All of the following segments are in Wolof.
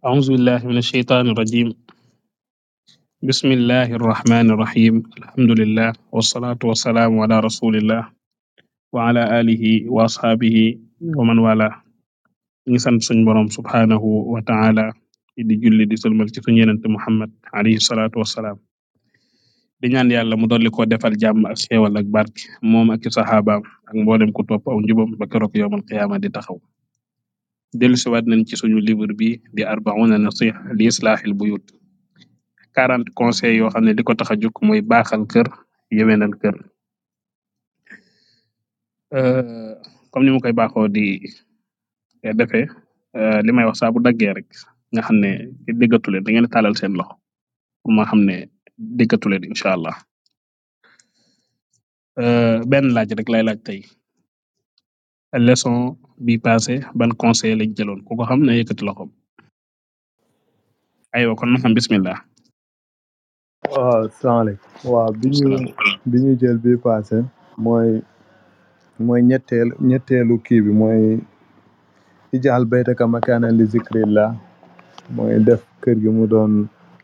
axusubillah min alsheytaan irrajim bismillahi arrahmani irrahim alhamdulilah wasalaatu wa ala alihi wa asxaabihi wa wala ñu ngi sant suñ borom subhaanahu wa ta'ala di julli di sëlmal ci suñu yenente Muhammad alayhi salaatu wasalaam di ñaan yàlla mu dolli koo defal jàmm ak xéewal ak barke moom ak i ak mboolem ku topp aw njubam ba keroog yowmal qiyaama di taxaw dellusiwaat nañ ci suñu livre bi di arbauna nasix li bu buyut quarante conseil yoo xam ne li ko tax a jóg mooy baaxal kër yewenal kër euh, comme ni mu koy baaxoo di eh, defee euh, li may wax saa daggee rek nga xam ne déggatuleen da ngeen di taalal seen lox bu ma xam ne déggatuleen incha allah euh, benn laaj rek lay laaj tey leçon bi passé ban conseil lañ jëloon ku xam na yëkkati loxoom aywa kon ma xam bismillah waaw salaamaaleykum waaw bi ñu bi jël bi passé mooy mooy ñetteel ñetteelu kii bi mooy ijaal baytaka makaanan li zikrillah mooy def kër gi mu doon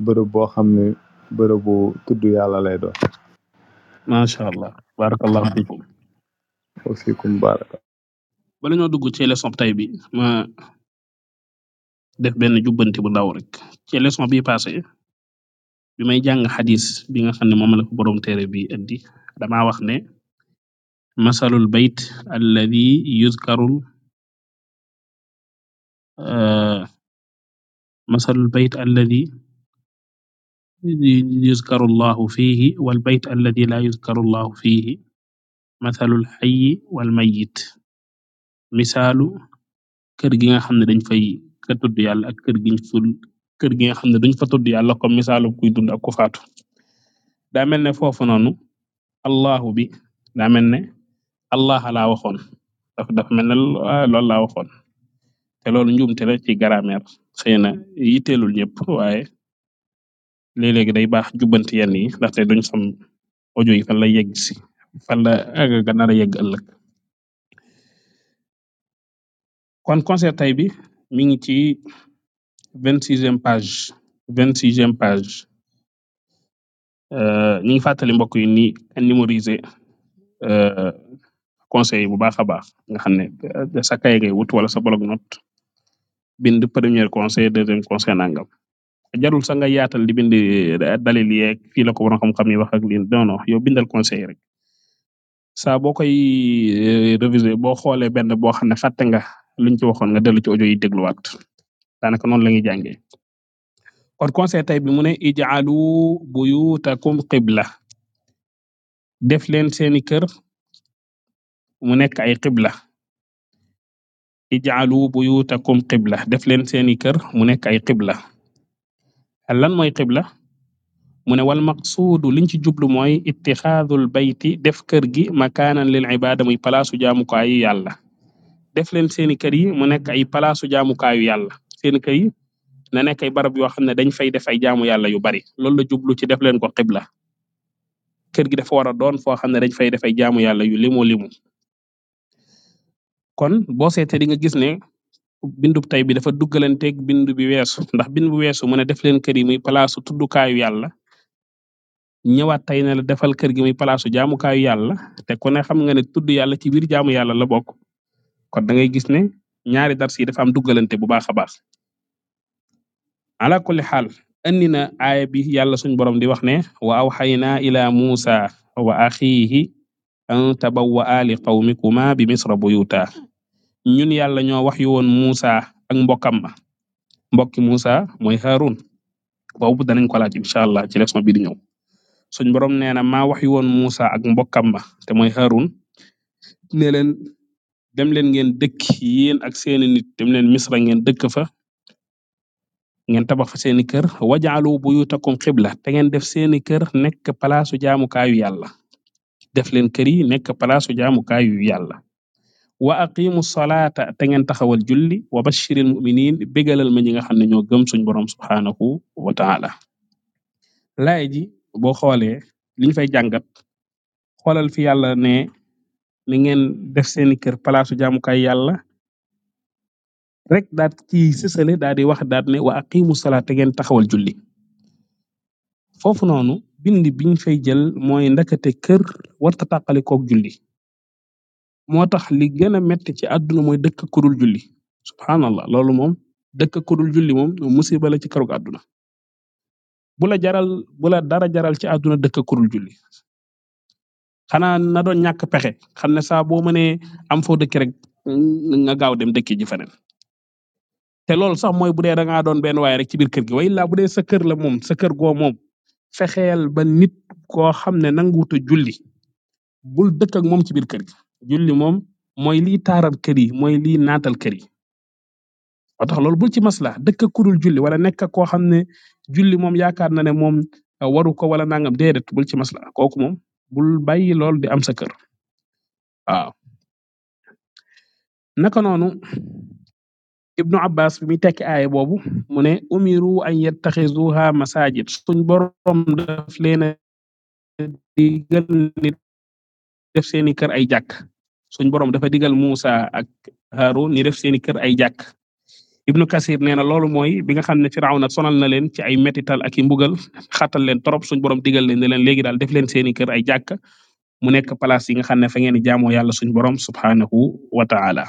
bërëb boo xam ne bërëb bu yàlla lay doon. macha allah. barakallahu fiikum. wa fiikum baraka. bala ñoo dugg ci leçon :fra tey bi ma def benn jubbanti bu ndaw rek ci leçon bi bii bi may jàng xadis bi nga xam ne moom la fi borom tere bi indi damaa wax ne masalul bayt alladi yuzkarul %e masalul bayt alladi yuzkaru fihi wal bayt alladi la yuzkaru llahu fihi mathalul hayyi wal misaalu kër gi nga xam ne dañ fay ka tudd yàlla ak kër giñ kër gi nga xam ne duñ fa tudd yàlla kom misaalu kuy dun ak ku faatu daa mel ne foofu noonu allahu bi daa mel ne allah laa waxoon dafa dafa mel ne loolu laa waxoon te loolu njuumte la ci grammaire xëy na yitteelul ñëpp waaye léeg-léegi day baax jubbanti yenn yi ndaxte duñ xam audio yi fan la yegg si fan la a nar a kon concert tey bi mi ngi ci vingt sixième page vingt sixième page euh, ñu ngi fàttali mbokk yi ni numériser euh, conseil yi bu baax a baax nga xam ne euh, sa kay ngay wut wala sa bloc note bind premier conseil deuxième conseil nangam jarul sax nga yaatal di bind euh, dalil yeeg fii la ko war a xam-xam yi wax ak lii non non yow bindal conseil rek saa boo koy euh, réviser boo xoolee benn boo xam ne fàtte nga luñ ci waxoon nga dellu ci audio yi dégluwaat daanaka noonu la ñuy jàngee kon conseil tey bi mu ne ijaalu buyutakum qibla def leen seeni kër mu nekk ay qibla ijaalu buyutakum qibla def leen seeni kër mu nekk ay qibla lan mooy qibla mu ne wal maqsuudu liñ ci jublu mooy ittixaadul bayti def kër gi makaanan lil ibaada muy palaasu jaamukaay yàlla def leen seeni i kër yi mu nekk ay palaasu jaamukaayu yàlla seen kër yi na nekk ay barab yoo xam ne dañ fay def ay jaamu yàlla yu bari loolu la jublu ci def leen ko xibla kër gi dafa war a doon foo xam ne dañ fay def ay jaamu yàlla yu limu limu kon boo seetee di nga gis ne bindu tey bi dafa duggalanteeg bindu bi weesu ndax bindu bi weesu mu ne def leen kër yi muy palaasu tuddukaayu yàlla ñëwaat tey ne la defal kër gi muy palaasu jaamukaayu yàlla te ku ne xam nga ne tudd yàlla ci biir jaamu yàlla la bokk kon da ngay gis ne ñaari dars yi dafa am duggalante bu baax a baax ala kulli xaal andi na aaya bi yàlla suñ borom di wax ne wa awxaynaa ila muusa wa axiihi an tabawwaa li qawmikuma bi misra buyuta ñun yàlla ñoo wax yu woon muusa ak mbokkam ma mbokki muusa mooy haarun boobu danañ ko laaj incha allah ci leçon bi di ñëw suñ borom nee na maa wax yu woon muusa ak mbokkam ma te mooy haarun ne dem leen ngeen dëkk yéen ak seeni nit dem leen Misra ngeen dëkk fa ngeen tabax fa seeni kër ta buyutakum xibla te ngeen def seeni kër nekk palaasu jaamukaayu yàlla def leen kër yi nekk palaasu jaamukaayu yàlla wa aqimu salaata te ngeen taxawal julli wa bashiril muminin bégalal ma ñi nga xam ne ñoo gëm suñ borom subhaanahu wa taala laay ji boo xoolee liñ fay jàngat xoolal fi ne li ngeen def seeni kër palaasu jaamukaay yàlla rek daat ci sësale daa di wax daat ne wa aqimu salaat te ngeen taxawal julli foofu noonu bindi biñ fay jël mooy ndakate kër warta tàqali kook julli moo tax li gën a metti ci àdduna mooy dëkk kudul juli subhanallah loolu moom dëkk kudul julli moom musiba la ci karug àdduna bu la jaral bula dara jaral ci àdduna dëkk kudul juli xanaa na doon ñàkk pexe xam ne saa boo mënee am foo dëkk rek nga gaaw dem dëkki ji feneen te loolu sax mooy bu dee da ngaa doon benn waaye rek ci biir kër gi way laa bu dee sa kër la moom sa kër goo moom fexeel ba nit koo xam ne nanguwut a julli bul dëkk ak moom ci biir kër gi julli moom mooy liy taaral kër yi mooy liy naatal kër yi ba tax loolu bul ci masla dëkk ak kudul julli wala nekk ak koo xam ne julli moom yaakaar na ne moom waru ko wala nangam déedéet bul ci masla kooku moom bul bàyyi lool di am sa kër waaw naka noonu ibnu abbas bi muy tekki aaya boobu mu ne umiru an masa masajid suñ boroom daf leena digal ni def seeni kër ay jàkk suñ borom dafa digal Musa ak Harun ni def seeni kër ay jàkk Ibnu Kasir nee na loolu mooy bi nga xam ne Firawna sonal na leen ci ay métital ak i mbugal xatal leen trop suñ borom digal leen ne leen léegi daal def leen seeni kër ay jàkka mu nekk place yi nga xam ne fa ngeen di jaamoo yàlla suñ borom subhaanahu wa taala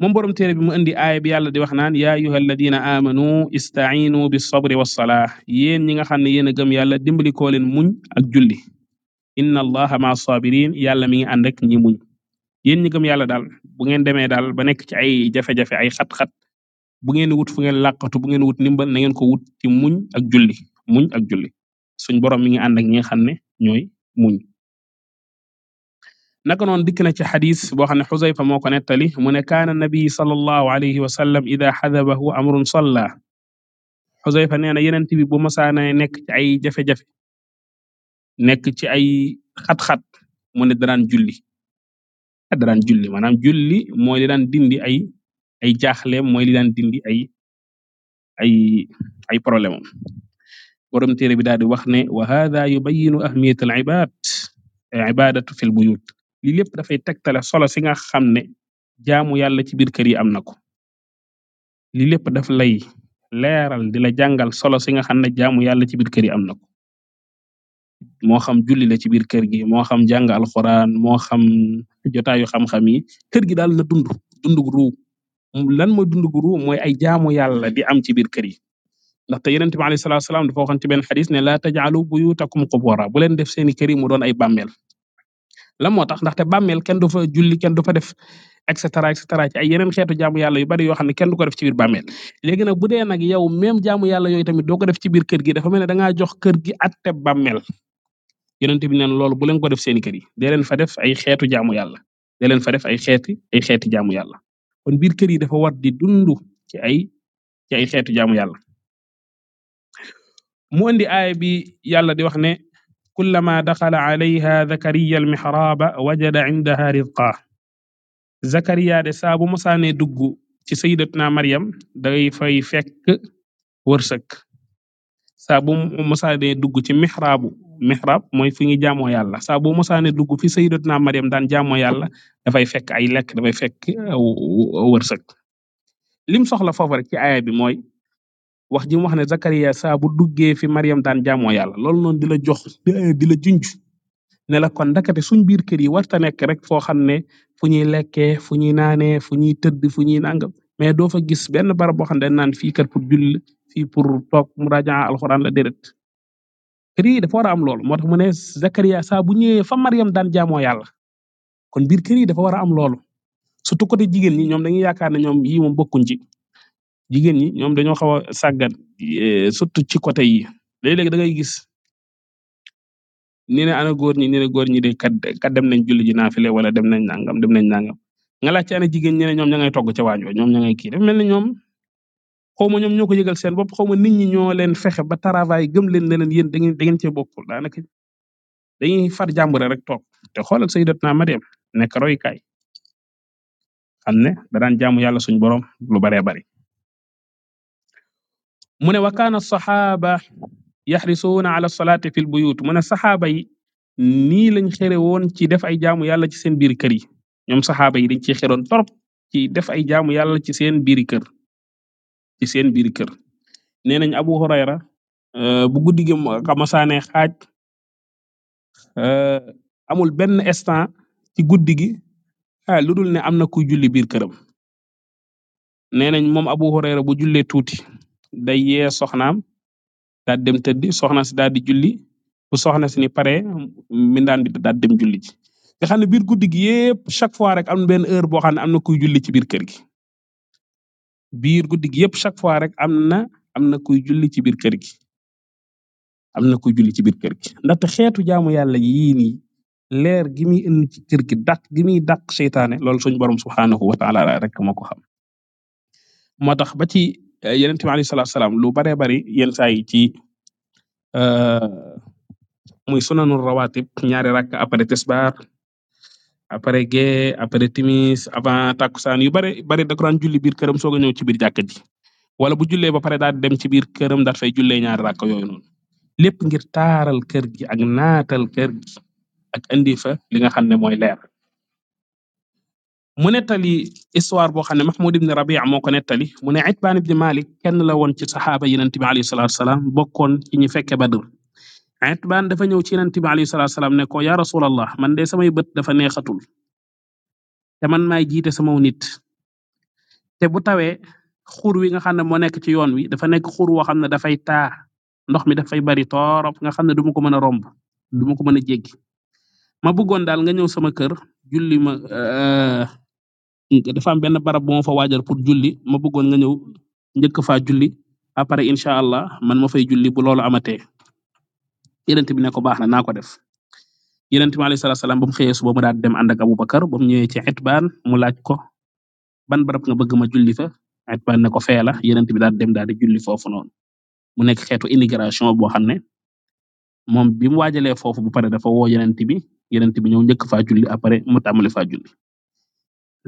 moom borom téere bi mu indi bi yàlla di wax naan yaa ayyuha alladina aamanu ista'iinu bis sabri was salaa yéen ñi nga xam ne yéen a gëm yàlla dimbali koo leen muñ ak julli inna allaha ma sabirin yàlla mi ngi ànd ak ñi muñ yéen ñi gëm yàlla daal bu ngeen demee daal ba nekk ci ay jafe-jafe ay xat-xat bu ngeen wut fu ngeen làqatu bu ngeen wut nimbal ne ngeen ko wut ci muñ ak julli muñ ak juli suñ borom mi ngi ànd ak ñi xam ne ñooy muñ. naka noonu dikk na ci xadis boo xam ne Xusayfa moo ko nettali mu ne kaana nabi sallallahu alayhi wa sallam ida xadabahu amrun salla Xusayfa nee na yeneen bi bu masaana nekk ci ay jafe-jafe nekk ci ay xat-xat mu ne daraan a daraan julli maanaam julli mooy li daan dindi ay ay jaaxle mooy li daan dindi ay ay ay problème am borom téere bi daal di wax ne wa hadha yubayyinu ahmiyat al ibad ibadatu fil buyut li lépp dafay tegtale solo si nga xam ne jaamu yàlla ci biir kër yi am na ko li lépp daf lay leeral di la jàngal solo si nga xam ne jaamu yàlla ci biir kër yi am na moo xam julli la ci biir kër gi moo xam jàng alxuraan moo xam jotaayu xam-xam yi kër gi daal la dund dund gu lan mooy dund gu ruu mooy ay jaamu yàlla di am ci biir kër yi ndaxte yenen bi alayhi salaatu salaam dafa waxoon ci benn xadis ne laa tajaalu buyutakum qubura bu leen def seeni kër yi mu doon ay bàmmeel lan moo tax ndaxte bàmmeel kenn du fa julli kenn du def et cetera et cetera ci ay yeneen xeetu jaamu yàlla yu bari yoo xam ne kenn du ko def ci biir bàmmeel léegi nag bu dee yow même jaamu yàlla yooyu tamit doo ko def ci biir kër gi dafa mel ne dangaa jox kër gi atte bàmmeel yonent bi neen loolu bu leen ko def seeni kër yi dee fa def ay xeetu jaamu yàlla dee leen fa def ay xeeti ay xeeti jaamu yàlla kon biir kër yi dafa war di dund ci ay xeetu jaamu yàlla mu indi aaya bi yàlla di wax ne kullama daxala zakariya almixraaba wajada indaha rizqa zakariya de saa bu mosaane dugg ci sayyidatna maryam day fay fekk wërsëg saa bu dugg ci mixraabu mihrab mooy fi ñuy jaamoo yàlla saa boo mosaane dugg fi sayyidatuna Maryam daan jaamoo yàlla dafay fekk ay lekk dafay fekk uh, uh, wërsëg lim soxla foofu rek ci aaya bi mooy wax ji mu wax ne Zakaria saa bu duggee fi Maryam daan jaamoo yàlla loolu noonu di la jox uh, di la junj ne la kon ndakate suñ biir kër yi warta nekk rek foo xam ne fu ñuy lekkee fu ñuy naanee fu ñuy tëdd fu ñuy nangam mais doo fa gis benn barab boo xam ne naan fii kat pour julli fii pour toog muraaja alxuraan la déedéet kër yi dafa war a am lool moo tax mu ne Zakaria saa bu ñëwee fa Mariam daan jaamoo yàlla kon biir kër yi dafa war a am loolu surtout côté jigéen ñi ñoom dañuy yaakaar ne ñoom yii moom bokkuñ ci jigéen ñi ñoom dañoo xaw a sàggan eh, surtout ci côté yi léeg-léeg da ngay gis ni ne ana góor ñi ni ne góor ñi de kat kat dem nañ julli wala dem nañ nangam dem nañ nangam nga laajte ana jigéen ñi ñoom ña ngay togg ca waañ ñoom ña ngay kii dafa mel ni ñoom xaw ma ñoom ñoo ko yëgal seen bopp xaw ma nit ñi ñoo leen fexe ba travail gëm leen ne leen yéen da ngeen da ngeen cee bokkul daanaka dañuy far jàmbure rek toog te xoolal sayyidatna Maryam nekk roykaay xam ne daan jaamu yàlla suñu borom lu baree bari. mu ne wa kaana saxaaba yaxrisuuna ala salaati fil buyut mu ne saxaaba yi nii lañ xere woon ci def ay jaamu yàlla ci seen biir kër yi ñoom saxaaba yi dañ ciy xeroon torop ci def ay jaamu yàlla ci seen biir kër. ci seen biir kër nee nañ Abu Hurayra euh, bu guddi gi xamasaane xaaj euh, amul benn instant ci guddi gi ah lu dul ne am na kuy julli biir këram nee nañ moom Abu Hurayra bu jullee tuuti day yee soxnaam daal dem tëddi soxna si daal di julli bu soxna si ni pare mindaan bi daal dem julli ji nga xam ne biir guddi gi yépp chaque fois rek am benn heure boo xam ne am na kuy julli ci biir kër gi. biir guddi gi yépp chaque fois rek am na am na kuy julli ci biir kër gi am na kuy julli ci biir kër gi ndaxte xeetu jaamu yàlla yii ni leer gi muy indi ci kër gi dàq gi muy dàq seytaane loolu suñu borom subhaanahu wa taala rek moo ko xam moo tax ba ci eh, yeneen bi alayhi salaam lu baree bari yenn saay ci eh, muy sunanul rawatib ñaari rakk après tisbaar après gee après timis avant takusaan yu bare bari da ko daan julli biir këram soog a ñëw ci biir jàkka ji wala bu jullee ba pare daal dem ci biir këram daal fay jullee ñaari rakk yooyu noonu lépp ngir taaral kër gi ak naatal kër gi ak indi fa li nga xam ne mooy leer. mu nettali histoire boo xam ne Mahmoud ibn Rabia moo ko nettali mu ne Itbaan ibn Malik kenn la woon ci saxaaba Yonent bi alayhi salaatu wasalaam bokkoon ci ñi fekke Badr Itbaan dafa ñëw ci yonent bi alayhi salaatu salaam ne ko yaa rasulallah man de samay bët dafa neexatul te man maay jiite sama nit te bu tawee xur wi nga xam ne moo nekk ci yoon wi dafa nekk xur woo xam ne dafay taa ndox mi dafay bari torop nga xam ne duma ko mën a romb duma ko mën a jéggi ma bëggoon daal nga ñëw sama kër julli ma euh, dafa am benn barab bu ma fa waajal pour julli ma bëggoon nga ñëw njëkk faa julli après incha allah man ma fay julli bu loolu amatee. yenent bi ne ko baax na naa ko def yenent bi alayhi salaam ba mu xëyee suba mu daal di dem ànd ak Abubakar ba mu ñëwee ci Itbaan mu laaj ko ban barab nga bëgg ma julli fa Itbaan ne ko fee la yenent bi daal di dem daal di julli foofu noonu mu nekk xeetu immigration boo xam ne moom bi mu waajalee foofu bu pare dafa woo yenent bi yenent bi ñëw njëkk faa julli après mu tàmbali faa julli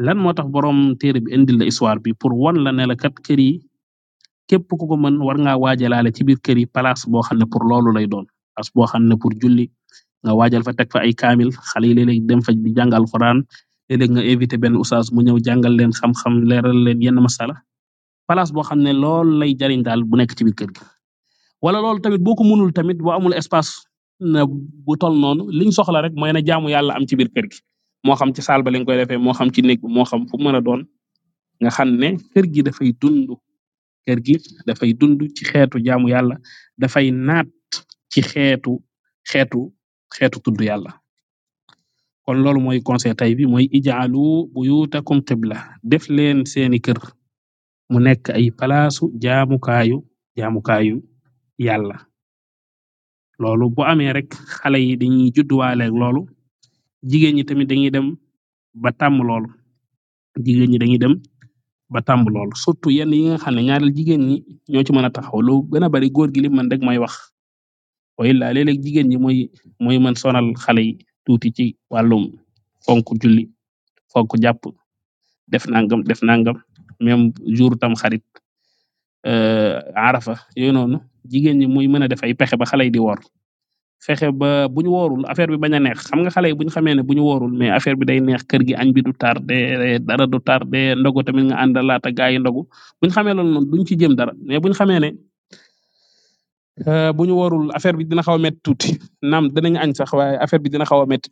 lan moo tax borom téere bi indil la histoire bi pour wan la ne la kat kër yi képp ku ko mën war ngaa waajalaale ci biir kër yi place boo xam ne pour loolu lay doon palas bo xamne pur julli nga waajal fa teg fa ay kaamil xale yi leeg-leeg dem fa di jàng alxuraan leeg-leeg nga evité benn usaas mu ñëw jàngal leen xam-xam leeral leen yenn masala palaas boo xam ne lool lay jariñ daal bu nekk ci biir kër gi wala loolu tamit boo ko munul tamit boo amul espace na bu tol noonu liñ soxla rek mooy na jaamu yàlla am ci biir kër gi moo xam ci saal ba lañ koy defee moo xam ci néeg bi moo xam fu mën a doon nga xam ne kër gi dafay dund kër gi dafay dund ci xeetu jaamu yàlla dafay naat ci xeetu xeetu xeetu tudd yàlla kon loolu mooy conseil i bi mooy ijaalu buyutakum qibla def leen seeni kër mu nekk ay palaasu jaamukaayu jaamukaayu yàlla loolu bu amee rek xale yi dañuy judduwaaleeg loolu jigéen ñi tamit dañuy dem ba tàmm loolu jigéen ñi dañuy dem ba tàmb loolu surtout yenn yi nga xam ne ñaareel jigéen ñi ñoo ci mën a taxaw lu gën a bari góor gi li mën rek mooy wax wa illaa léeg-léeg jigéen ñi mooy mooy mën sonal xale yi tuuti ci wàllum fonk julli fonk jàpp def nangam def nangam même jour tam xarit euh, arafa yooyu noonu jigéen ñi muy mën a def ay pexe ba xale yi di woor fexe ba bu ñu woorul affaire bi bañ neex xam nga xale yi bu ñu xamee ne bu ñu woorul mais affaire bi day neex kër gi añ bi du tardé dara du tardé ndogu tamit nga àndalaata gaa yi ndogu bu ñu xamee loolu dara mais bu ñu Euh, bu ñu warul affaire bi dina xaw a métti tuuti naam danañ añ waaye affaire bi dina xaw a métti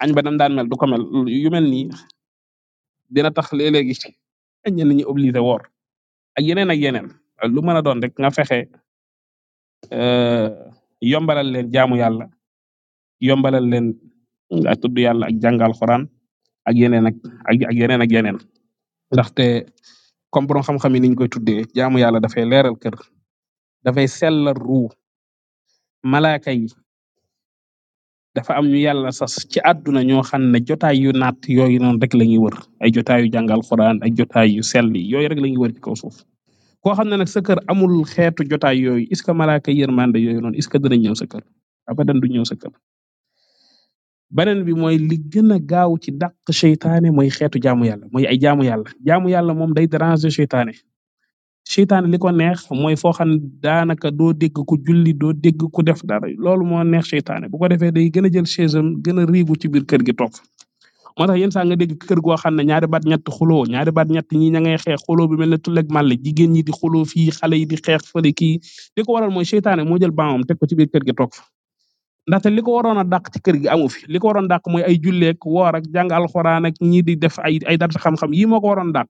añ ba nam mel du ko mel yu mel nii dina tax léeg-léegi ñenn ñi obligé woor ak yeneen a yeneen lu mën a doon rek nga fexe euh, yombalal leen jaamu yàlla yombalal leen tudd yàlla ak jàngal xoraan ak yeneen ak ak yeneen ak yeneen ndaxte comme borom xam-xam yi niñ koy tuddee jaamu yàlla dafay leeral kër dafay sellal ruu malaaka yi dafa am ñu yàlla sas ci àdduna ñoo xam ne jotaay yu naat yooyu noonu rek la ñuy wër ay jotaay yu jàngal xuraan ay jotaay yu sell yooyu rek la ñuy wër ci kaw suuf koo xam ne nag sa kër amul xeetu jotaay yooyu est ce que malaaka yërmande yooyu noonu est ce que dana ñëw sa kër abadan du ñëw sa kër bi mooy li gën a gaaw ci dàq seytaane mooy xeetu jaamu yàlla mooy ay jaamu yàlla jaamu yàlla moom day déranger seytaane seytaane li ko neex mooy foo xam ne daanaka doo dégg ku julli doo dégg ku def dara loolu moo neex seytaane bu ko defee day gën a jël chaise am gën a riigu ci biir kër gi toog moo tax yenn saa nga dégg kër goo xam ne ñaari baat ñett xuloo ñaari baat ñett ñi ña ngay xeex xuloo bi mel ne tulleeg màlle jigéen ñi di xuloo fii xale yi di xeex fële kii li ko waral mooy seytaane moo jël baamam teg ko ci biir kër gi toog fa ndaxte li ko waroon a dàq ci kër gi amu fi li ko waroon dàq mooy ay julleek woor ak jàng alxuraan ak ñii di def ay ay dara xam yii moo ko waroon dàq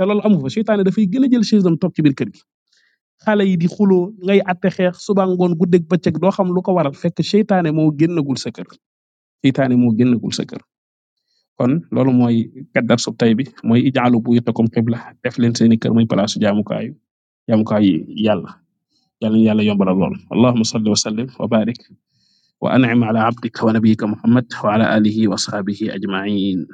te loolu amu fa seytaane dafay gën a jël chaise am toog ci biir kër gi xale yi di xuloo ngay atte xeex suba ngoon guddeeg bëccëg doo xam lu ko waral fekk seytaane moo génnagul sa kër seytaane moo génnagul sa kër kon loolu mooy kaddar sub tay bi mooy ijaalu buyutakum qibla def leen seeni kër muy palaasu jaamukaayu jaamukaayu yàlla yàlla na yàlla yombalal lool allahumma salli wa sallim wa barik wa an'im ala abdika wa nabiyyika muhammad wa ala alihi wa ashabihi ajma'in